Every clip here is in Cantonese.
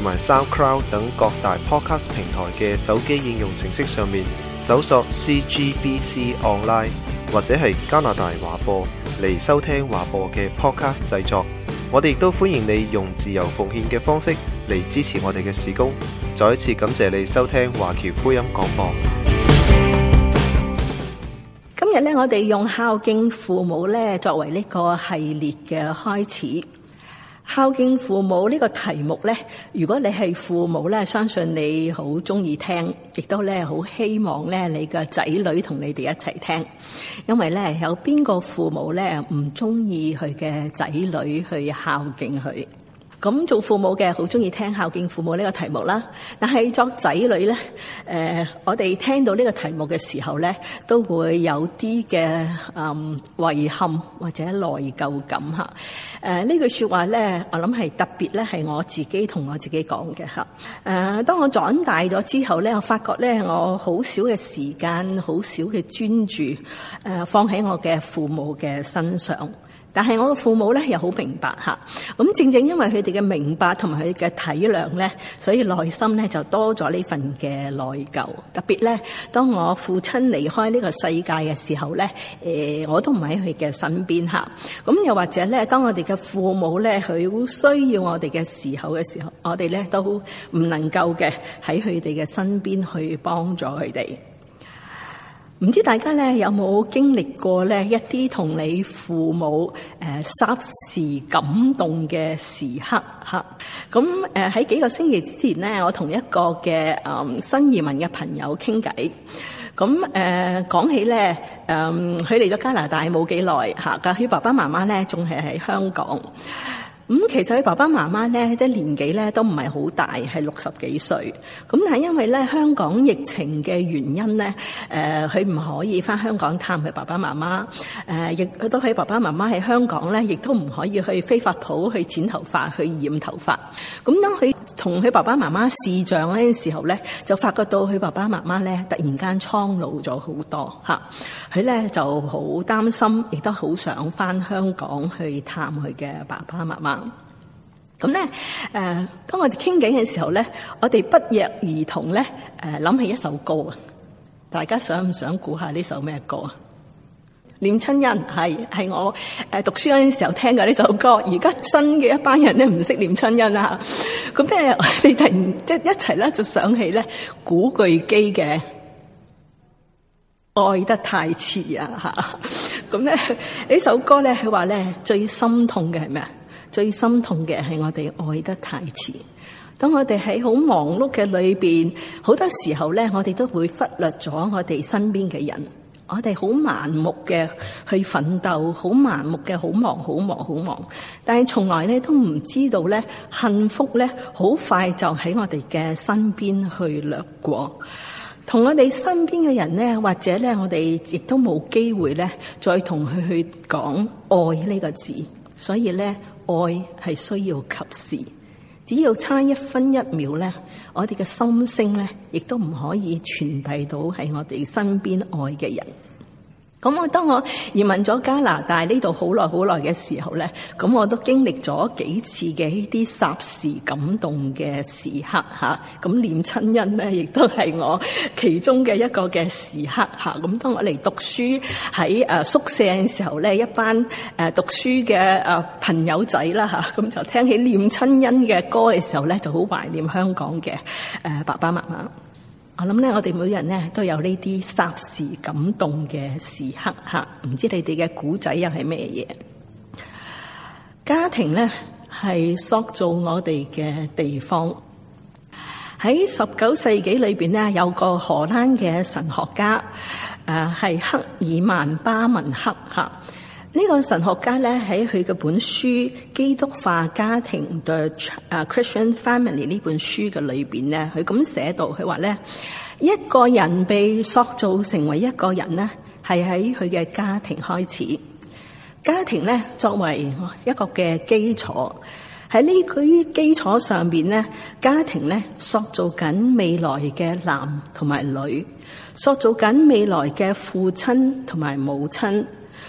同埋 SoundCloud 等各大 Podcast 平台嘅手機應用程式上面搜索 CGBC Online 或者係加拿大華播嚟收聽華播嘅 Podcast 製作，我哋亦都歡迎你用自由奉獻嘅方式嚟支持我哋嘅事工。再一次感謝你收聽華僑福音廣播。今日咧，我哋用孝敬父母咧作為呢個系列嘅開始。孝敬父母呢個題目呢，如果你係父母呢，相信你好中意聽，亦都咧好希望咧你嘅仔女同你哋一齊聽，因為呢，有邊個父母呢，唔中意佢嘅仔女去孝敬佢。咁做父母嘅好中意聽孝敬父母呢，這個題目啦，但係作仔女咧，誒、呃，我哋聽到呢個題目嘅時候咧，都會有啲嘅嗯遺憾或者內疚感吓。誒、呃、呢句說話咧，我諗係特別咧係我自己同我自己講嘅吓。誒、呃，當我長大咗之後咧，我發覺咧我好少嘅時間，好少嘅專注誒放喺我嘅父母嘅身上。但係我嘅父母咧又好明白嚇，咁正正因為佢哋嘅明白同埋佢嘅體諒咧，所以內心咧就多咗呢份嘅內疚。特別咧，當我父親離開呢個世界嘅時候咧，誒我都唔喺佢嘅身邊嚇。咁又或者咧，當我哋嘅父母咧佢好需要我哋嘅時候嘅時候，我哋咧都唔能夠嘅喺佢哋嘅身邊去幫助佢哋。唔知大家咧有冇經歷過咧一啲同你父母誒霎時感動嘅時刻嚇？咁喺、呃、幾個星期之前咧，我同一個嘅、呃、新移民嘅朋友傾偈，咁、呃、講起咧佢嚟咗加拿大冇幾耐嚇，佢、呃、爸爸媽媽咧仲係喺香港。咁其實佢爸爸媽媽咧，啲年紀咧都唔係好大，係六十幾歲。咁但係因為咧香港疫情嘅原因咧，誒佢唔可以翻香港探佢爸爸媽媽。誒亦都佢爸爸媽媽喺香港咧，亦都唔可以去飛髮鋪去剪頭髮去染頭髮，咁當佢同佢爸爸媽媽視像嗰陣時時候咧，就發覺到佢爸爸媽媽咧突然間蒼老咗好多吓。佢咧就好擔心，亦都好想翻香港去探佢嘅爸爸媽媽。咁咧，誒，當我哋傾偈嘅時候咧，我哋不約而同咧，誒，諗起一首歌啊！大家想唔想估下呢首咩歌啊？念親恩係係我誒讀書嗰陣時候聽過呢首歌，而家新嘅一班人咧唔識念親恩啦。咁咧，你突然即係一齊咧就想起咧古巨基嘅《愛得太遲》啊！吓，咁咧呢首歌咧佢話咧最心痛嘅係咩啊？最心痛嘅係我哋愛得太遲。當我哋喺好忙碌嘅裏邊，好多時候咧，我哋都會忽略咗我哋身邊嘅人。我哋好盲目嘅去奮鬥，好盲目嘅，好忙，好忙，好忙，忙。但係從來咧都唔知道咧，幸福咧好快就喺我哋嘅身邊去掠過。同我哋身邊嘅人咧，或者咧，我哋亦都冇機會咧，再同佢去講愛呢個字。所以咧。愛係需要及時，只要差一分一秒咧，我哋嘅心聲咧，亦都唔可以傳遞到喺我哋身邊愛嘅人。咁我當我移民咗加拿大呢度好耐好耐嘅時候咧，咁我都經歷咗幾次嘅呢啲霎時感動嘅時刻嚇。咁念親恩咧，亦都係我其中嘅一個嘅時刻嚇。咁當我嚟讀書喺誒宿舍嘅時候咧，一班誒讀書嘅誒朋友仔啦嚇，咁就聽起念親恩嘅歌嘅時候咧，就好懷念香港嘅誒爸爸媽媽。我諗咧，我哋每日咧都有呢啲霎時感動嘅時刻吓，唔知你哋嘅古仔又係咩嘢？家庭咧係塑造我哋嘅地方。喺十九世紀裏邊咧，有個荷蘭嘅神學家，誒係克爾曼巴文克吓。呢個神學家咧喺佢嘅本書《基督化家庭的啊 Christian Family》呢本書嘅裏邊咧，佢咁寫到，佢話咧：一個人被塑造成為一個人咧，係喺佢嘅家庭開始。家庭咧作為一個嘅基礎，喺呢佢基礎上邊咧，家庭咧塑造緊未來嘅男同埋女，塑造緊未來嘅父親同埋母親。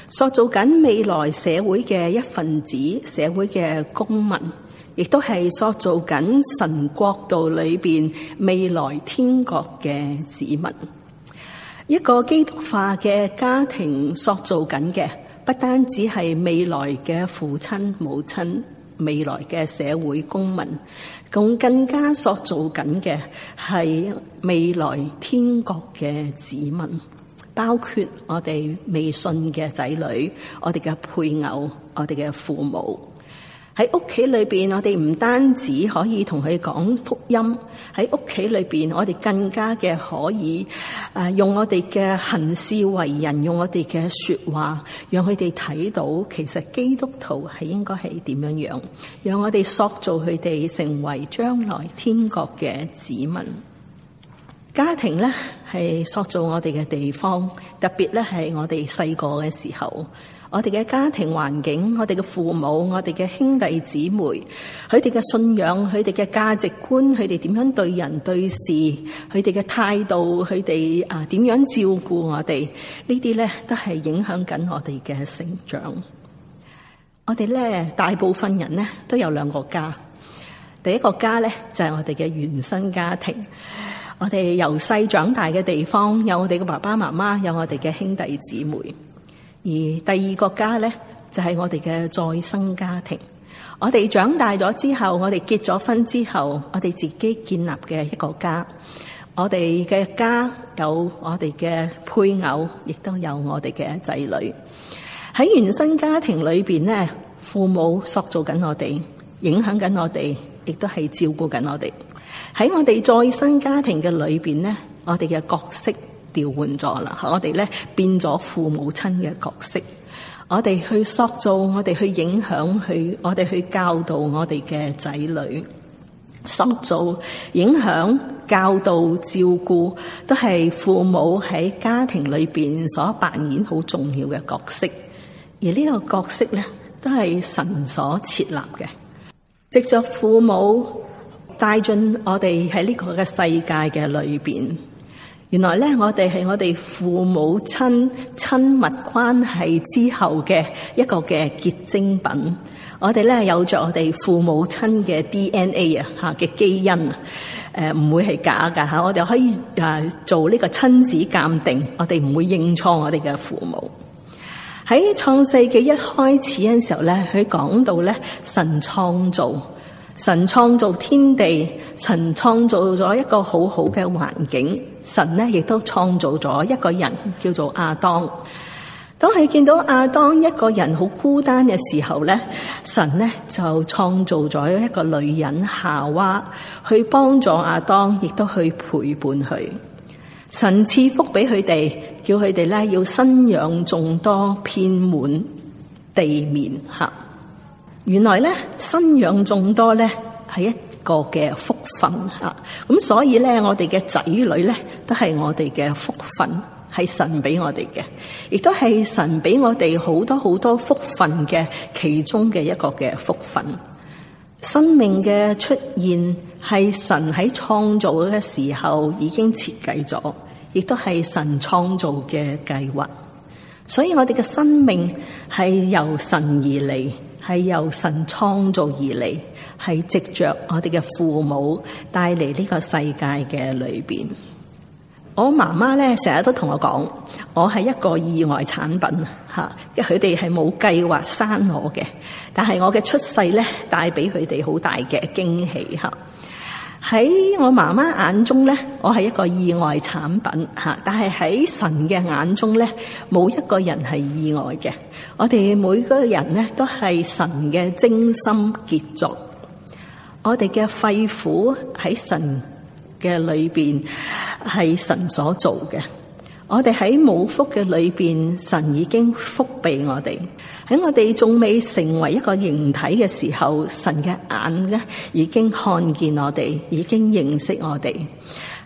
塑造緊未來社會嘅一份子，社會嘅公民，亦都係塑造緊神國度裏邊未來天國嘅子民。一個基督化嘅家庭塑造緊嘅，不單止係未來嘅父親、母親，未來嘅社會公民，咁更加塑造緊嘅係未來天國嘅子民。包括我哋未信嘅仔女，我哋嘅配偶，我哋嘅父母喺屋企裏邊，我哋唔單止可以同佢講福音，喺屋企裏邊，我哋更加嘅可以誒、啊，用我哋嘅行事為人，用我哋嘅說話，讓佢哋睇到其實基督徒係應該係點樣樣，讓我哋塑造佢哋成為將來天國嘅子民。家庭咧係塑造我哋嘅地方，特別咧係我哋細個嘅時候，我哋嘅家庭環境、我哋嘅父母、我哋嘅兄弟姊妹，佢哋嘅信仰、佢哋嘅價值觀、佢哋點樣對人對事、佢哋嘅態度、佢哋啊點樣照顧我哋呢啲咧，這些都係影響緊我哋嘅成長。我哋咧，大部分人呢都有兩個家，第一個家咧就係我哋嘅原生家庭。我哋由細長大嘅地方，有我哋嘅爸爸媽媽，有我哋嘅兄弟姊妹。而第二個家呢，就係我哋嘅再生家庭。我哋長大咗之後，我哋結咗婚之後，我哋自己建立嘅一個家。我哋嘅家有我哋嘅配偶，亦都有我哋嘅仔女。喺原生家庭裏邊呢，父母塑造緊我哋，影響緊我哋，亦都係照顧緊我哋。喺我哋再生家庭嘅裏邊咧，我哋嘅角色調換咗啦，我哋咧變咗父母親嘅角色，我哋去塑造，我哋去影響，去我哋去教導我哋嘅仔女，塑造、影響、教導、照顧，都係父母喺家庭裏邊所扮演好重要嘅角色。而呢個角色咧，都係神所設立嘅，藉着父母。帶進我哋喺呢個嘅世界嘅裏邊，原來咧我哋係我哋父母親親密關係之後嘅一個嘅結晶品。我哋咧有着我哋父母親嘅 DNA 啊，吓嘅基因，誒、呃、唔會係假噶吓我哋可以誒做呢個親子鑑定，我哋唔會認錯我哋嘅父母。喺創世記一開始嘅時候咧，佢講到咧神創造。神創造天地，神創造咗一個好好嘅環境。神咧亦都創造咗一個人，叫做阿當。當佢見到阿當一個人好孤單嘅時候咧，神咧就創造咗一個女人夏娃，去幫助阿當，亦都去陪伴佢。神賜福俾佢哋，叫佢哋咧要生養眾多，遍滿地面。原來咧，生養眾多咧，係一個嘅福分。咁所以咧，我哋嘅仔女咧，都係我哋嘅福分，係神俾我哋嘅，亦都係神俾我哋好多好多福分嘅其中嘅一個嘅福分。生命嘅出現係神喺創造嘅時候已經設計咗，亦都係神創造嘅計劃。所以我哋嘅生命係由神而嚟。係由神創造而嚟，係藉着我哋嘅父母帶嚟呢個世界嘅裏邊。我媽媽咧成日都同我講，我係一個意外產品吓，因為佢哋係冇計劃生我嘅，但係我嘅出世咧帶俾佢哋好大嘅驚喜吓。喺我媽媽眼中咧，我係一個意外產品吓，但係喺神嘅眼中咧，冇一個人係意外嘅。我哋每個人咧都係神嘅精心傑作。我哋嘅肺腑喺神嘅裏邊係神所做嘅。我哋喺母腹嘅裏邊，神已經覆庇我哋。喺我哋仲未成為一個形體嘅時候，神嘅眼咧已經看見我哋，已經認識我哋。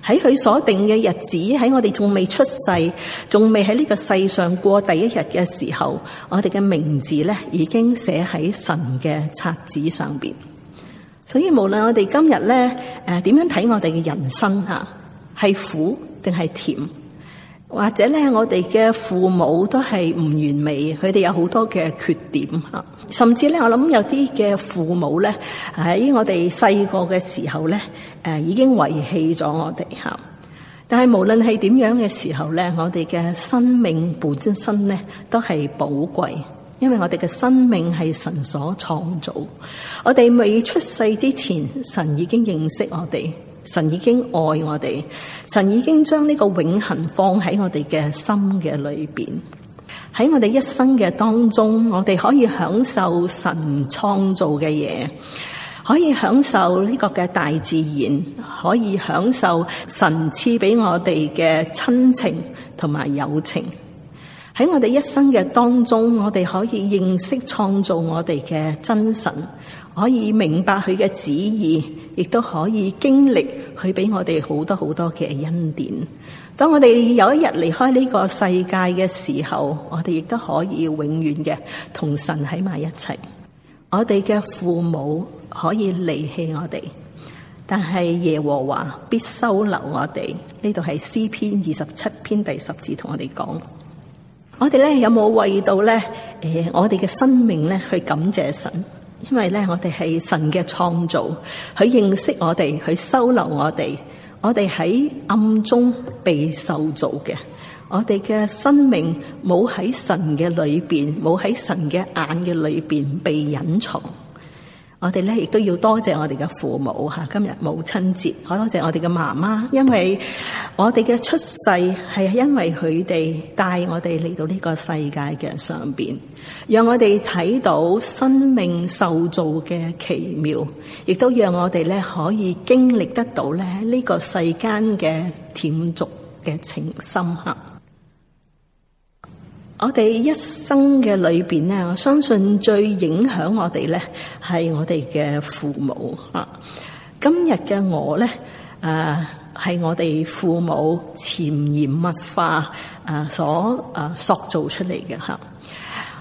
喺佢所定嘅日子，喺我哋仲未出世，仲未喺呢個世上過第一日嘅時候，我哋嘅名字咧已經寫喺神嘅冊子上邊。所以無論我哋今日咧，誒點樣睇我哋嘅人生啊，係苦定係甜？或者咧，我哋嘅父母都係唔完美，佢哋有好多嘅缺點，甚至咧，我諗有啲嘅父母咧喺我哋細個嘅時候咧，誒已經遺棄咗我哋吓。但係無論係點樣嘅時候咧，我哋嘅生命本身咧都係寶貴，因為我哋嘅生命係神所創造。我哋未出世之前，神已經認識我哋。神已經愛我哋，神已經將呢個永恒放喺我哋嘅心嘅裏邊，喺我哋一生嘅當中，我哋可以享受神創造嘅嘢，可以享受呢個嘅大自然，可以享受神賜俾我哋嘅親情同埋友情。喺我哋一生嘅當中，我哋可以認識創造我哋嘅真神，可以明白佢嘅旨意。亦都可以經歷佢俾我哋好多好多嘅恩典。當我哋有一日離開呢個世界嘅時候，我哋亦都可以永遠嘅同神喺埋一齊。我哋嘅父母可以離棄我哋，但係耶和華必收留我哋。呢度係詩篇二十七篇第十節同我哋講。我哋咧有冇為到咧？誒、呃，我哋嘅生命咧去感謝神。因為咧，我哋係神嘅創造，佢認識我哋，佢收留我哋，我哋喺暗中被受造嘅，我哋嘅生命冇喺神嘅裏邊，冇喺神嘅眼嘅裏邊被隱藏。我哋咧亦都要多謝我哋嘅父母嚇，今日母親節，好多謝我哋嘅媽媽，因為我哋嘅出世係因為佢哋帶我哋嚟到呢個世界嘅上邊，讓我哋睇到生命受造嘅奇妙，亦都讓我哋咧可以經歷得到咧呢個世間嘅舔足嘅情深刻。我哋一生嘅裏邊咧，我相信最影響我哋咧，係我哋嘅父母啊。今日嘅我咧，誒，係我哋父母潛移默化誒所誒塑造出嚟嘅吓。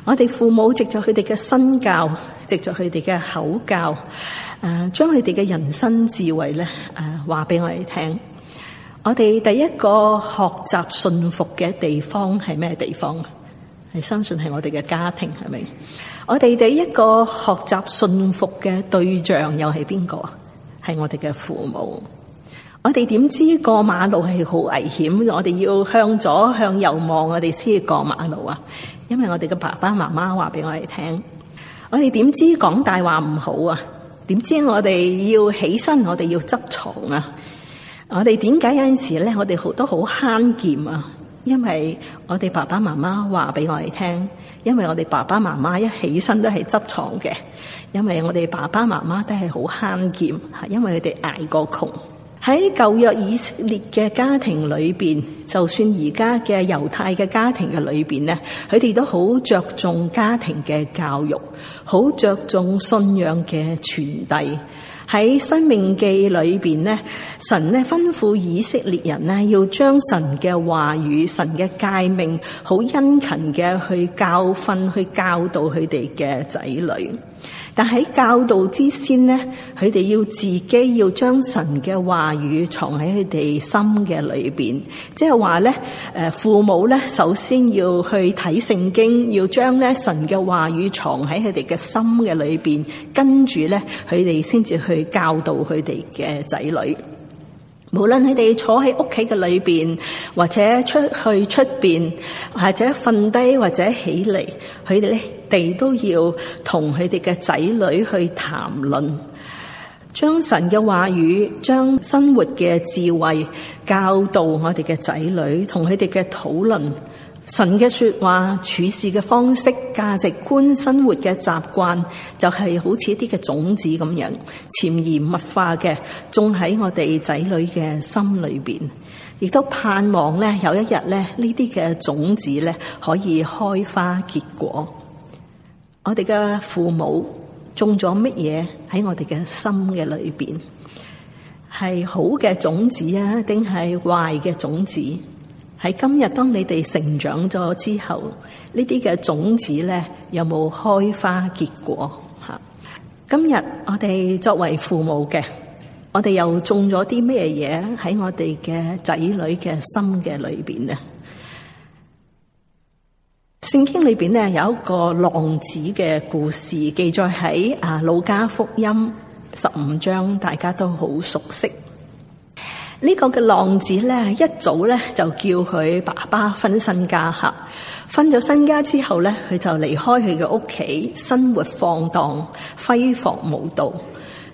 我哋父母藉著佢哋嘅身教，藉著佢哋嘅口教，誒，將佢哋嘅人生智慧咧，誒，話俾我哋聽。我哋第一個學習信服嘅地方係咩地方啊？係相信係我哋嘅家庭，係咪？我哋第一個學習信服嘅對象又係邊個啊？係我哋嘅父母。我哋點知過馬路係好危險？我哋要向左向右望，我哋先至過馬路啊！因為我哋嘅爸爸媽媽話俾我哋聽。我哋點知講大話唔好啊？點知我哋要起身，我哋要執牀啊？我哋點解有陣時咧，我哋好多好慳儉啊？因為我哋爸爸媽媽話俾我哋聽，因為我哋爸爸媽媽一起身都係執牀嘅，因為我哋爸爸媽媽都係好慳儉，因為佢哋捱過窮。喺舊約以色列嘅家庭裏面，就算而家嘅猶太嘅家庭嘅裏面，咧，佢哋都好着重家庭嘅教育，好着重信仰嘅傳遞。喺《申命記》裏邊咧，神咧吩咐以色列人咧，要將神嘅話語、神嘅誡命，好殷勤嘅去教訓、去教導佢哋嘅仔女。但喺教導之先咧，佢哋要自己要將神嘅話語藏喺佢哋心嘅裏邊，即係話咧，誒父母咧，首先要去睇聖經，要將咧神嘅話語藏喺佢哋嘅心嘅裏邊，跟住咧，佢哋先至去教導佢哋嘅仔女。無論佢哋坐喺屋企嘅裏邊，或者出去出邊，或者瞓低或者起嚟，佢哋呢，地都要同佢哋嘅仔女去談論，將神嘅話語、將生活嘅智慧教導我哋嘅仔女，同佢哋嘅討論。神嘅說話、處事嘅方式、價值觀、生活嘅習慣，就係好似一啲嘅種子咁樣，潛移默化嘅種喺我哋仔女嘅心裏邊，亦都盼望咧有一日咧呢啲嘅種子咧可以開花結果。我哋嘅父母種咗乜嘢喺我哋嘅心嘅裏邊，係好嘅種子啊，定係壞嘅種子？還是壞的種子喺今日，當你哋成長咗之後，呢啲嘅種子咧有冇開花結果？吓，今日我哋作為父母嘅，我哋又種咗啲咩嘢喺我哋嘅仔女嘅心嘅裏邊呢？聖經裏邊咧有一個浪子嘅故事，記載喺啊《路加福音》十五章，大家都好熟悉。呢個嘅浪子咧，一早咧就叫佢爸爸分身家吓，分咗身家之後咧，佢就離開佢嘅屋企，生活放蕩、揮霍無度。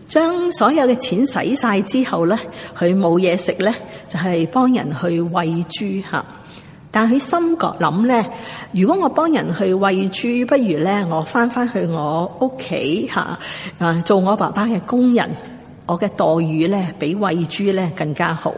將所有嘅錢使曬之後咧，佢冇嘢食咧，就係、是、幫人去餵豬吓，但佢心覺諗咧，如果我幫人去餵豬，不如咧我翻返去我屋企吓，啊，做我爸爸嘅工人。我嘅待遇咧，比餵豬咧更加好。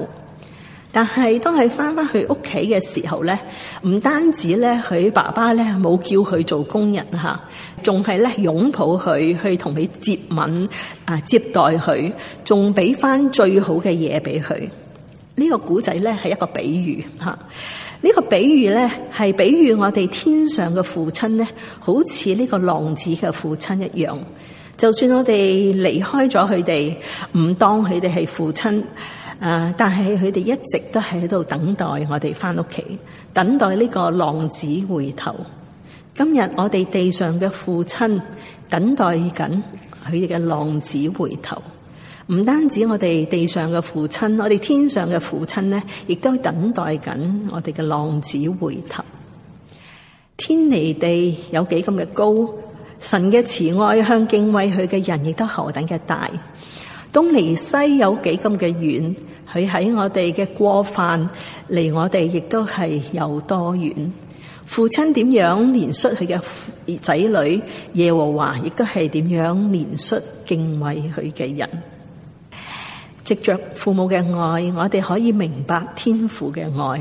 但係當係翻翻去屋企嘅時候咧，唔單止咧佢爸爸咧冇叫佢做工人吓，仲係咧擁抱佢，去同佢接吻啊，接待佢，仲俾翻最好嘅嘢俾佢。呢個古仔咧係一個比喻吓，呢個比喻咧係比喻我哋天上嘅父親咧，好似呢個浪子嘅父親一樣。就算我哋離開咗佢哋，唔當佢哋係父親，啊！但係佢哋一直都喺度等待我哋翻屋企，等待呢個浪子回頭。今日我哋地上嘅父親等待緊佢哋嘅浪子回頭。唔單止我哋地上嘅父親，我哋天上嘅父親咧，亦都等待緊我哋嘅浪子回頭。天離地有幾咁嘅高？神嘅慈愛向敬畏佢嘅人亦都何等嘅大，東離西有幾咁嘅遠，佢喺我哋嘅過犯離我哋亦都係有多遠？父親點樣憐恤佢嘅仔女，耶和華亦都係點樣憐恤敬畏佢嘅人。藉着父母嘅愛，我哋可以明白天父嘅愛。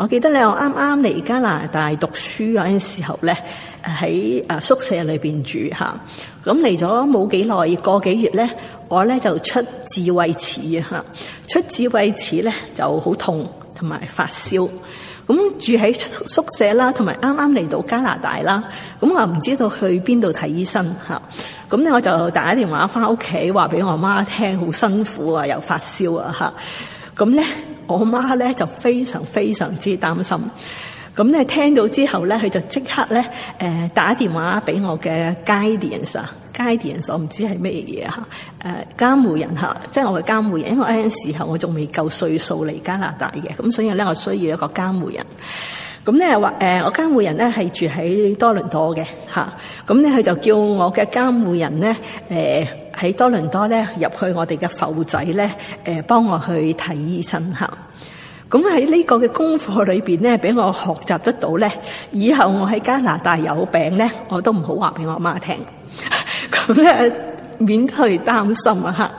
我記得你又啱啱嚟加拿大讀書嗰陣時候咧，喺宿舍裏面住吓，咁嚟咗冇幾耐，個幾月咧，我咧就出智慧齒。出智慧齒咧就好痛同埋發燒，咁住喺宿舍啦，同埋啱啱嚟到加拿大啦，咁我唔知道去邊度睇醫生吓，咁咧我就打電話翻屋企話俾我媽聽，好辛苦啊，又發燒啊吓，咁咧。我媽咧就非常非常之擔心，咁咧聽到之後咧，佢就即刻咧誒打電話俾我嘅 guardians 啊，guardians 我唔知係咩嘢吓，誒監護人吓，即係我嘅監護人，因為我那時候我仲未夠歲數嚟加拿大嘅，咁所以咧我需要一個監護人。咁咧話誒我監護人咧係住喺多倫多嘅吓，咁咧佢就叫我嘅監護人咧誒。呃喺多倫多咧入去我哋嘅埠仔咧，誒幫我去睇醫生吓。咁喺呢個嘅功課裏邊咧，俾我學習得到咧，以後我喺加拿大有病咧，我都唔好話俾我媽聽，咁咧免去擔心啊吓。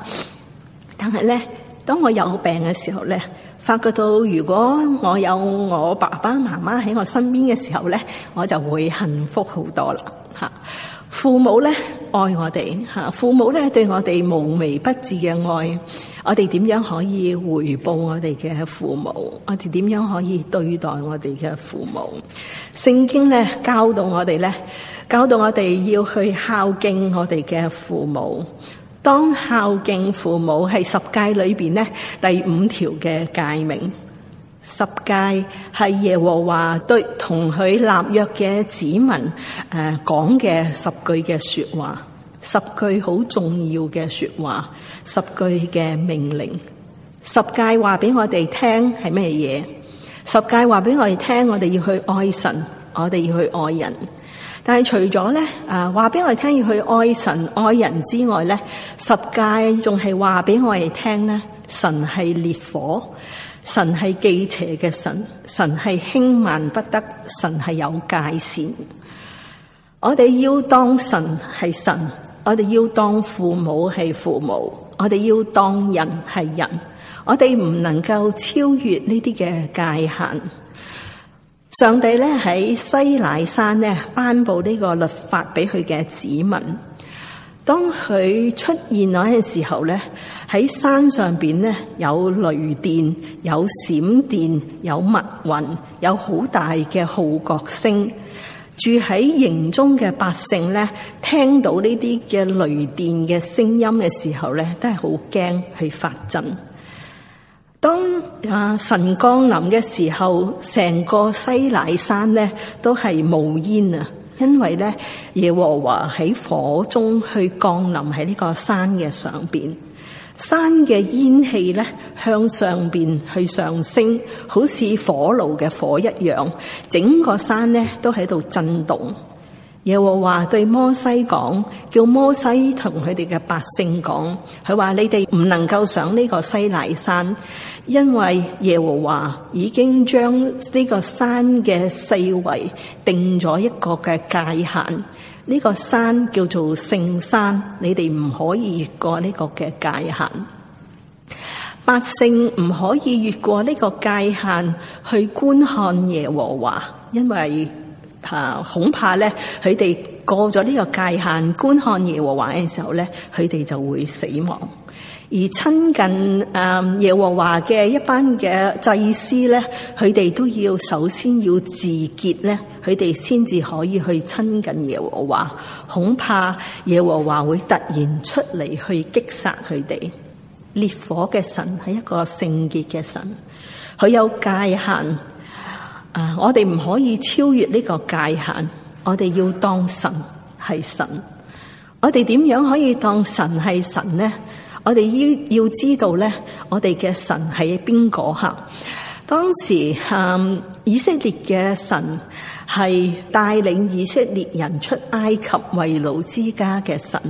但係咧，當我有病嘅時候咧，發覺到如果我有我爸爸媽媽喺我身邊嘅時候咧，我就會幸福好多啦吓。父母咧，愛我哋吓，父母咧，對我哋無微不至嘅愛，我哋點樣可以回報我哋嘅父母？我哋點樣可以對待我哋嘅父母？聖經咧，教導我哋咧，教導我哋要去孝敬我哋嘅父母。當孝敬父母係十誡裏邊咧，第五條嘅誡命。十誡係耶和華對同佢立約嘅子民誒講嘅十句嘅說話，十句好重要嘅說話，十句嘅命令。十誡話俾我哋聽係咩嘢？十誡話俾我哋聽，我哋要去愛神，我哋要去愛人。但係除咗咧啊，話俾我哋聽要去愛神愛人之外咧，十誡仲係話俾我哋聽咧，神係烈火。神係忌邪嘅神，神係輕慢不得，神係有界線。我哋要當神係神，我哋要當父母係父母，我哋要當人係人，我哋唔能夠超越呢啲嘅界限。上帝咧喺西乃山咧頒布呢個律法俾佢嘅子民。當佢出現嗰陣時候咧，喺山上邊咧有雷電、有閃電、有密雲、有好大嘅號角聲。住喺營中嘅百姓咧，聽到呢啲嘅雷電嘅聲音嘅時候咧，都係好驚去發震。當啊神降臨嘅時候，成個西乃山咧都係冒煙啊！因為咧，耶和華喺火中去降臨喺呢個山嘅上邊，山嘅煙氣咧向上邊去上升，好似火爐嘅火一樣，整個山咧都喺度震動。耶和華對摩西講，叫摩西同佢哋嘅百姓講，佢話你哋唔能夠上呢個西奈山，因為耶和華已經將呢個山嘅四圍定咗一個嘅界限，呢、這個山叫做聖山，你哋唔可以越過呢個嘅界限。百姓唔可以越過呢個界限去觀看耶和華，因為。啊，恐怕咧，佢哋過咗呢個界限觀看耶和華嘅時候咧，佢哋就會死亡。而親近啊耶和華嘅一班嘅祭司咧，佢哋都要首先要自潔咧，佢哋先至可以去親近耶和華。恐怕耶和華會突然出嚟去擊殺佢哋。烈火嘅神係一個聖潔嘅神，佢有界限。啊！我哋唔可以超越呢個界限，我哋要當神係神。我哋點樣可以當神係神呢？我哋要要知道呢，我哋嘅神係邊個吓？當時，嗯，以色列嘅神係帶領以色列人出埃及為奴之家嘅神。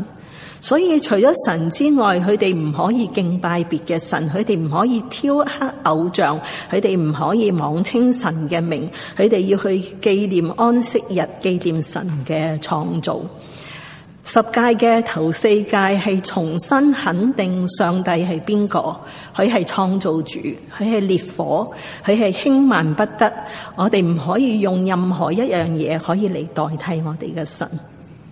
所以，除咗神之外，佢哋唔可以敬拜別嘅神，佢哋唔可以雕刻偶像，佢哋唔可以妄稱神嘅名，佢哋要去紀念安息日，紀念神嘅創造。十誡嘅頭四誡係重新肯定上帝係邊個，佢係創造主，佢係烈火，佢係輕慢不得。我哋唔可以用任何一樣嘢可以嚟代替我哋嘅神。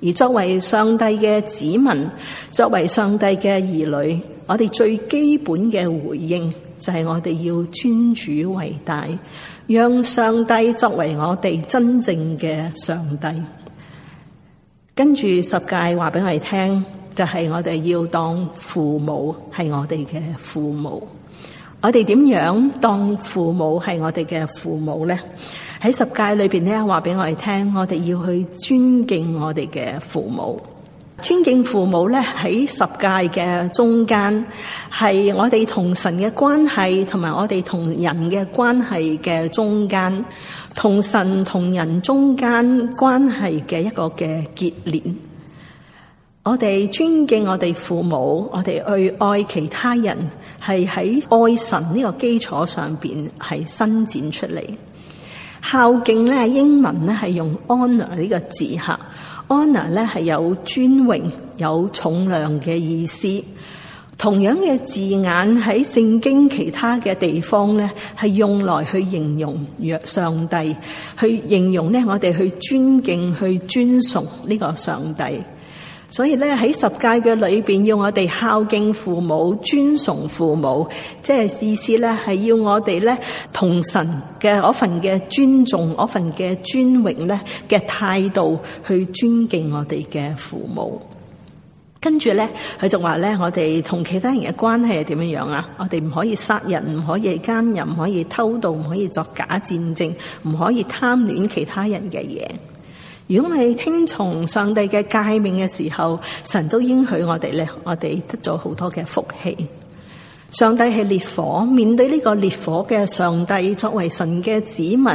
而作為上帝嘅子民，作為上帝嘅兒女，我哋最基本嘅回應就係我哋要尊主為大，讓上帝作為我哋真正嘅上帝。跟住十戒話俾我哋聽，就係我哋要當父母係我哋嘅父母。我哋點樣當父母係我哋嘅父母咧？喺十誡裏邊咧，話俾我哋聽，我哋要去尊敬我哋嘅父母。尊敬父母咧，喺十誡嘅中間，係我哋同神嘅關係，同埋我哋同人嘅關係嘅中間，同神同人中間關係嘅一個嘅結連。我哋尊敬我哋父母，我哋去愛其他人。係喺愛神呢個基礎上邊係伸展出嚟，孝敬咧英文咧係用 honor 這 honor 呢個字，honor 咧係有尊榮有重量嘅意思。同樣嘅字眼喺聖經其他嘅地方咧係用來去形容上帝，去形容咧我哋去尊敬去尊崇呢個上帝。所以咧喺十誡嘅裏邊，要我哋孝敬父母、尊崇父母，即係意思咧係要我哋咧同神嘅嗰份嘅尊重、嗰份嘅尊榮咧嘅態度去尊敬我哋嘅父母。跟住咧佢就話咧，我哋同其他人嘅關係係點樣樣啊？我哋唔可以殺人，唔可以奸淫，唔可以偷盜，唔可以作假見證，唔可以貪戀其他人嘅嘢。如果我哋聽從上帝嘅誡命嘅時候，神都應許我哋咧，我哋得咗好多嘅福氣。上帝係烈火，面對呢個烈火嘅上帝，作為神嘅子民，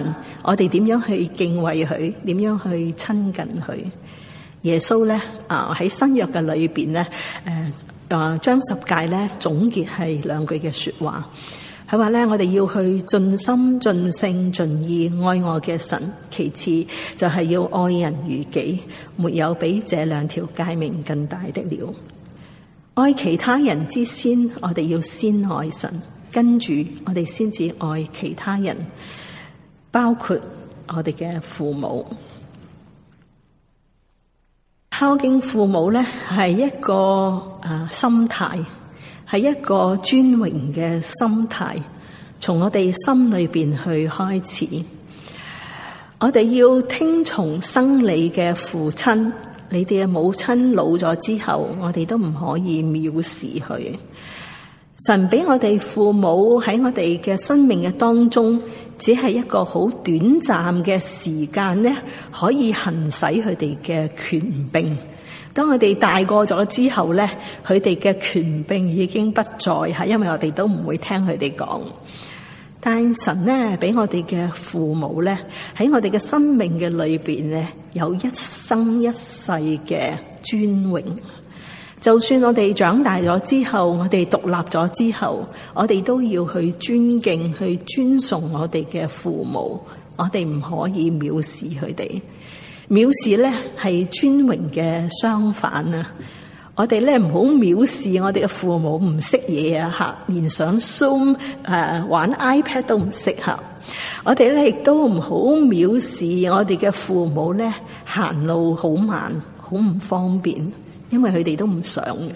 我哋點樣去敬畏佢？點樣去親近佢？耶穌咧啊，喺新約嘅裏邊咧，誒將十誡咧總結係兩句嘅說話。佢話咧，我哋要去盡心、盡性、盡意愛我嘅神。其次就係要愛人如己，沒有比這兩條誡命更大的了。愛其他人之先，我哋要先愛神，跟住我哋先至愛其他人，包括我哋嘅父母。孝敬父母呢，係一個誒心態。係一個尊榮嘅心態，從我哋心裏邊去開始。我哋要聽從生你嘅父親，你哋嘅母親老咗之後，我哋都唔可以藐視佢。神俾我哋父母喺我哋嘅生命嘅當中，只係一個好短暫嘅時間咧，可以行使佢哋嘅權柄。當我哋大過咗之後呢，佢哋嘅權柄已經不在吓，因為我哋都唔會聽佢哋講。但神呢，俾我哋嘅父母呢，喺我哋嘅生命嘅裏邊呢，有一生一世嘅尊榮。就算我哋長大咗之後，我哋獨立咗之後，我哋都要去尊敬，去尊崇我哋嘅父母，我哋唔可以藐視佢哋。藐視咧係尊榮嘅相反啊！我哋咧唔好藐視我哋嘅父母唔識嘢啊嚇，連上 Zoom 玩 iPad 都唔適合。我哋咧亦都唔好藐視我哋嘅父母咧，行路好慢，好唔方便，因為佢哋都唔想嘅。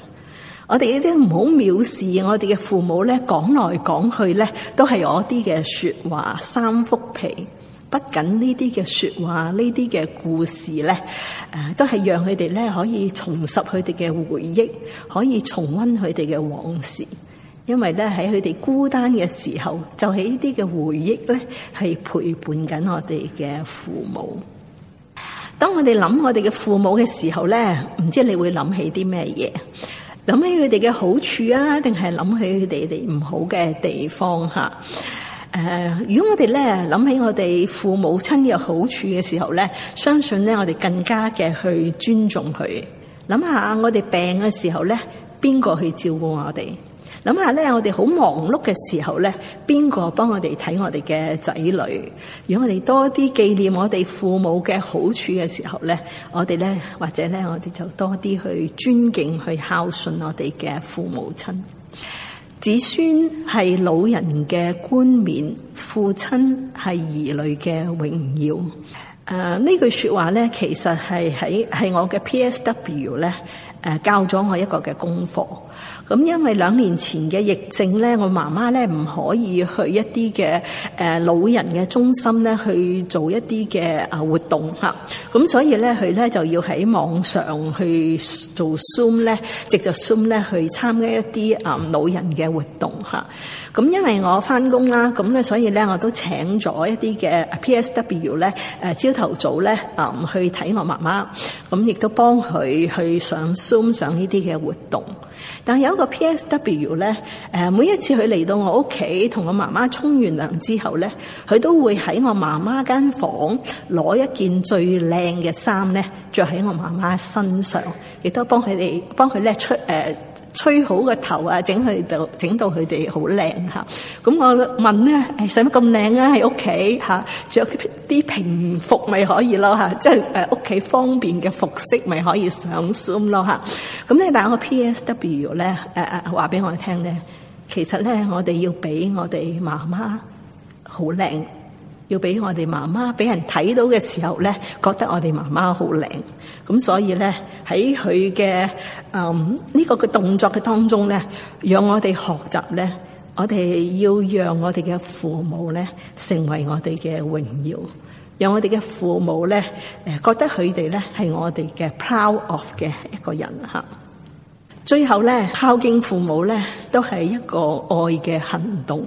我哋亦都唔好藐視我哋嘅父母咧，講來講去咧都係我啲嘅説話三幅皮。不僅呢啲嘅說話，呢啲嘅故事咧，誒都係讓佢哋咧可以重拾佢哋嘅回憶，可以重溫佢哋嘅往事。因為咧喺佢哋孤單嘅時候，就喺呢啲嘅回憶咧係陪伴緊我哋嘅父母。當我哋諗我哋嘅父母嘅時候咧，唔知你會諗起啲咩嘢？諗起佢哋嘅好處啊，定係諗起佢哋哋唔好嘅地方嚇？誒、呃，如果我哋咧諗起我哋父母親嘅好處嘅時候咧，相信咧我哋更加嘅去尊重佢。諗下我哋病嘅時候咧，邊個去照顧我哋？諗下咧，我哋好忙碌嘅時候咧，邊個幫我哋睇我哋嘅仔女？如果我哋多啲紀念我哋父母嘅好處嘅時候咧，我哋咧或者咧我哋就多啲去尊敬、去孝順我哋嘅父母親。子孫係老人嘅冠冕，父親係兒女嘅榮耀。誒、呃，呢句說話呢，其實係喺我嘅 PSW 呢，呃、教咗我一個嘅功課。咁因為兩年前嘅疫症咧，我媽媽咧，唔可以去一啲嘅誒老人嘅中心咧去做一啲嘅啊活動嚇，咁所以咧佢咧就要喺網上去做 Zoom 咧，藉著 Zoom 咧去參加一啲啊老人嘅活動嚇，咁因為我翻工啦，咁咧所以咧我都請咗一啲嘅 PSW 咧誒朝頭早咧啊去睇我媽媽，咁亦都幫佢去上 Zoom 上呢啲嘅活動。但有一個 PSW 咧，誒，每一次佢嚟到我屋企，同我媽媽沖完涼之後咧，佢都會喺我媽媽間房攞一件最靚嘅衫咧，着喺我媽媽身上，亦都幫佢哋，幫佢搦出誒。呃吹好個頭啊，整佢到整到佢哋好靚嚇。咁我問咧，使乜咁靚啊喺屋企嚇？著啲平服咪可以咯嚇，即係屋企方便嘅服飾咪可以上 Zoom 咯嚇。咁、啊、咧、啊，但係我 PSW 咧誒誒話俾我聽咧，其實咧我哋要俾我哋媽媽好靚。要俾我哋媽媽俾人睇到嘅時候咧，覺得我哋媽媽好靚，咁所以咧喺佢嘅嗯呢、這個嘅動作嘅當中咧，讓我哋學習咧，我哋要讓我哋嘅父母咧成為我哋嘅榮耀，讓我哋嘅父母咧誒覺得佢哋咧係我哋嘅 proud of 嘅一個人嚇。最後咧孝敬父母咧都係一個愛嘅行動。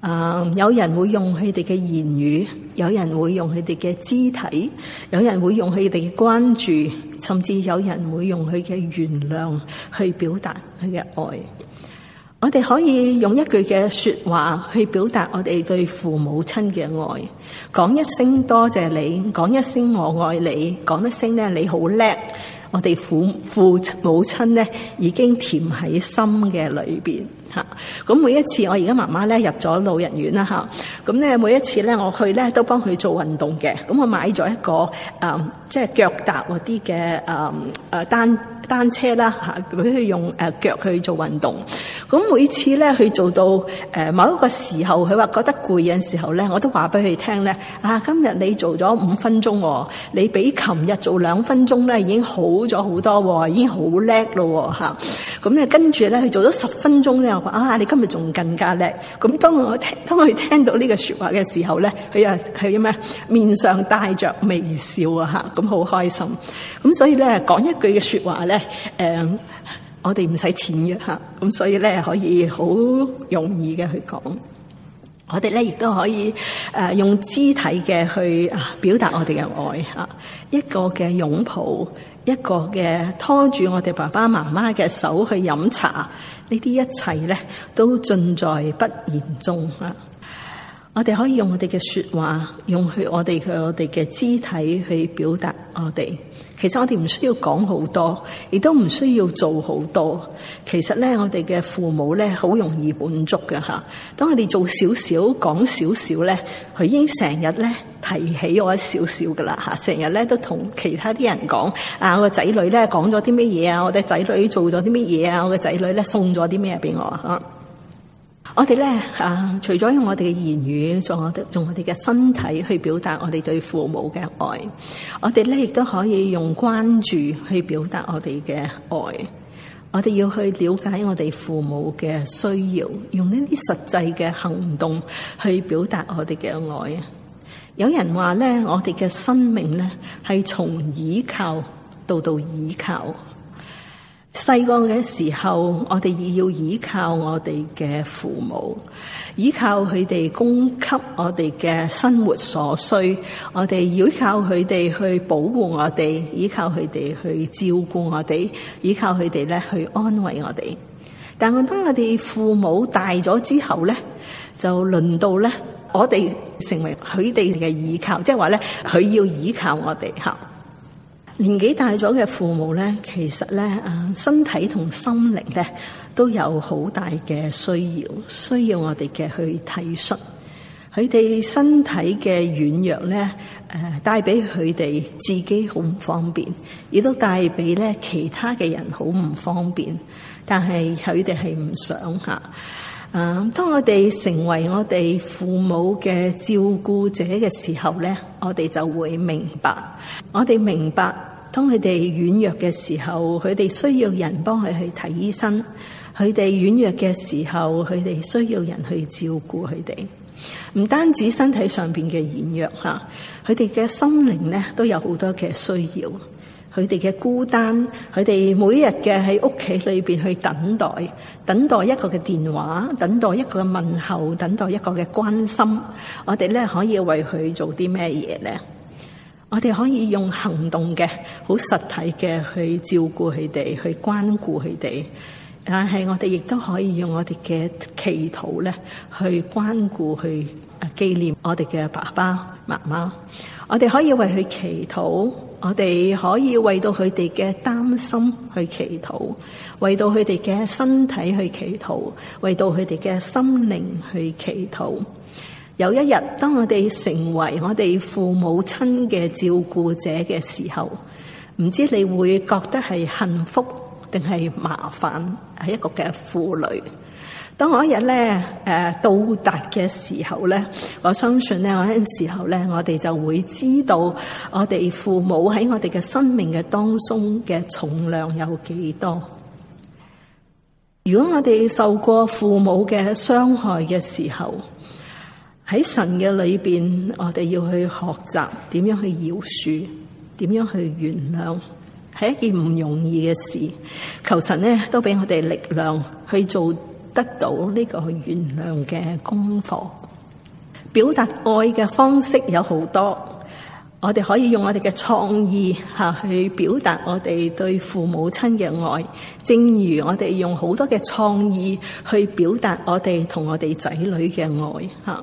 啊！Uh, 有人會用佢哋嘅言語，有人會用佢哋嘅肢體，有人會用佢哋嘅關注，甚至有人會用佢嘅原諒去表達佢嘅愛。我哋可以用一句嘅說話去表達我哋對父母親嘅愛，講一聲多謝你，講一聲我愛你，講一聲咧你好叻，我哋父父母親咧已經甜喺心嘅裏邊。吓，咁每，每一次我而家媽媽咧入咗老人院啦吓，咁咧每一次咧我去咧都幫佢做運動嘅。咁我買咗一個誒即係腳踏嗰啲嘅誒誒單單車啦吓，俾佢用誒腳去做運動。咁每次咧佢做到誒某一個時候，佢話覺得攰嘅時候咧，我都話俾佢聽咧：啊，今日你做咗五分鐘喎，你比琴日做兩分鐘咧已經好咗好多喎，已經好叻咯吓，咁咧跟住咧佢做咗十分鐘咧。啊！你今日仲更加叻。咁當我聽，當佢聽到呢個說話嘅時候咧，佢啊，佢咩？面上帶着微笑啊，吓，咁好開心。咁所以咧，講一句嘅說話咧，誒、呃，我哋唔使錢嘅吓，咁所以咧可以好容易嘅去講。我哋咧亦都可以誒用肢體嘅去表達我哋嘅愛吓，一個嘅擁抱。一個嘅拖住我哋爸爸媽媽嘅手去飲茶，呢啲一切咧都盡在不言中啊！我哋可以用我哋嘅說話，用去我哋嘅我哋嘅肢體去表達我哋。其實我哋唔需要講好多，亦都唔需要做好多。其實咧，我哋嘅父母咧好容易滿足㗎吓。當我哋做少少、講少少咧，佢已經成日咧提起我少少㗎喇吓。成日咧都同其他啲人講啊，我個仔女咧講咗啲乜嘢啊，我哋仔女做咗啲乜嘢啊，我嘅仔女咧送咗啲咩俾我啊吓。我哋咧啊，除咗用我哋嘅言語，仲我哋用我哋嘅身體去表達我哋對父母嘅愛，我哋咧亦都可以用關注去表達我哋嘅愛。我哋要去了解我哋父母嘅需要，用一啲實際嘅行動去表達我哋嘅愛。有人話咧，我哋嘅生命咧係從依靠到到依靠。細個嘅時候，我哋要依靠我哋嘅父母，依靠佢哋供給我哋嘅生活所需，我哋要依靠佢哋去保護我哋，依靠佢哋去照顧我哋，依靠佢哋咧去安慰我哋。但係當我哋父母大咗之後咧，就輪到咧我哋成為佢哋嘅依靠，即係話咧佢要依靠我哋吓。年紀大咗嘅父母咧，其實咧，啊，身體同心靈咧都有好大嘅需要，需要我哋嘅去體恤。佢哋身體嘅軟弱咧，誒，帶俾佢哋自己好唔方便，亦都帶俾咧其他嘅人好唔方便。但係佢哋係唔想吓。啊，當我哋成為我哋父母嘅照顧者嘅時候咧，我哋就會明白，我哋明白。當佢哋軟弱嘅時候，佢哋需要人幫佢去睇醫生；佢哋軟弱嘅時候，佢哋需要人去照顧佢哋。唔單止身體上邊嘅軟弱吓，佢哋嘅心靈咧都有好多嘅需要。佢哋嘅孤單，佢哋每日嘅喺屋企裏邊去等待，等待一個嘅電話，等待一個嘅問候，等待一個嘅關心。我哋咧可以為佢做啲咩嘢咧？我哋可以用行動嘅、好實體嘅去照顧佢哋、去關顧佢哋，但係我哋亦都可以用我哋嘅祈禱呢，去關顧、去紀念我哋嘅爸爸媽媽。我哋可以為佢祈禱，我哋可以為到佢哋嘅擔心去祈禱，為到佢哋嘅身體去祈禱，為到佢哋嘅心靈去祈禱。有一日，當我哋成為我哋父母親嘅照顧者嘅時候，唔知你會覺得係幸福定係麻煩，係一個嘅負累。當我一日咧，誒到達嘅時候咧，我相信咧，嗰陣時候咧，我哋就會知道我哋父母喺我哋嘅生命嘅當中嘅重量有幾多。如果我哋受過父母嘅傷害嘅時候，喺神嘅裏邊，我哋要去學習點樣去饒恕，點樣去原諒，係一件唔容易嘅事。求神呢，都俾我哋力量去做得到呢個原諒嘅功課。表達愛嘅方式有好多，我哋可以用我哋嘅創意吓去表達我哋對父母親嘅愛，正如我哋用好多嘅創意去表達我哋同我哋仔女嘅愛吓。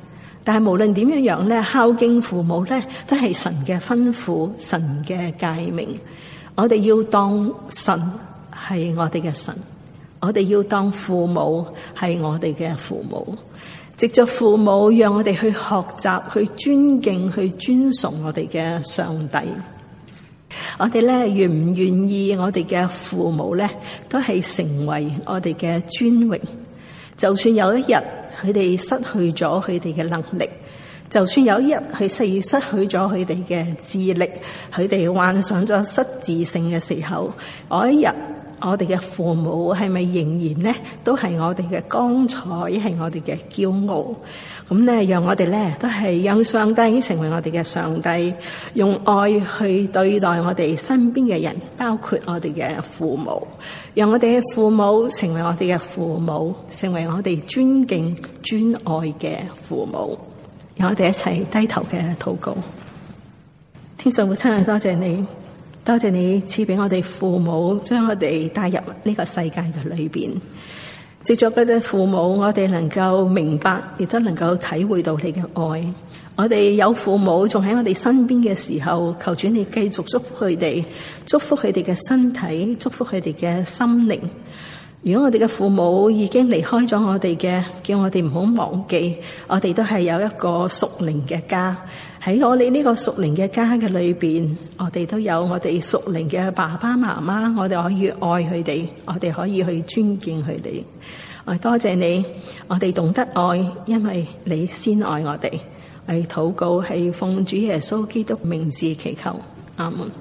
但係無論點樣樣咧，孝敬父母咧，都係神嘅吩咐，神嘅誡命。我哋要當神係我哋嘅神，我哋要當父母係我哋嘅父母。藉着父母，讓我哋去學習，去尊敬，去尊崇我哋嘅上帝。我哋咧願唔願意，我哋嘅父母咧都係成為我哋嘅尊榮。就算有一日。佢哋失去咗佢哋嘅能力，就算有一日佢失失去咗佢哋嘅智力，佢哋患上咗失智症嘅時候，我一日。我哋嘅父母係咪仍然咧都係我哋嘅光彩，係我哋嘅驕傲？咁咧，讓我哋咧都係讓上帝成為我哋嘅上帝，用愛去對待我哋身邊嘅人，包括我哋嘅父母。讓我哋嘅父母成為我哋嘅父母，成為我哋尊敬、尊愛嘅父母。讓我哋一齊低頭嘅禱告。天上母親，多謝你。多謝你賜俾我哋父母，將我哋帶入呢個世界嘅裏邊。藉住嗰啲父母，我哋能夠明白，亦都能夠體會到你嘅愛。我哋有父母仲喺我哋身邊嘅時候，求主你繼續祝福佢哋，祝福佢哋嘅身體，祝福佢哋嘅心靈。如果我哋嘅父母已經離開咗我哋嘅，叫我哋唔好忘記，我哋都係有一個屬靈嘅家。喺我哋呢個屬靈嘅家嘅裏邊，我哋都有我哋屬靈嘅爸爸媽媽，我哋可以愛佢哋，我哋可以去尊敬佢哋。我多謝你，我哋懂得愛，因為你先愛我哋。嚟禱告，係奉主耶穌基督名字祈求，阿門。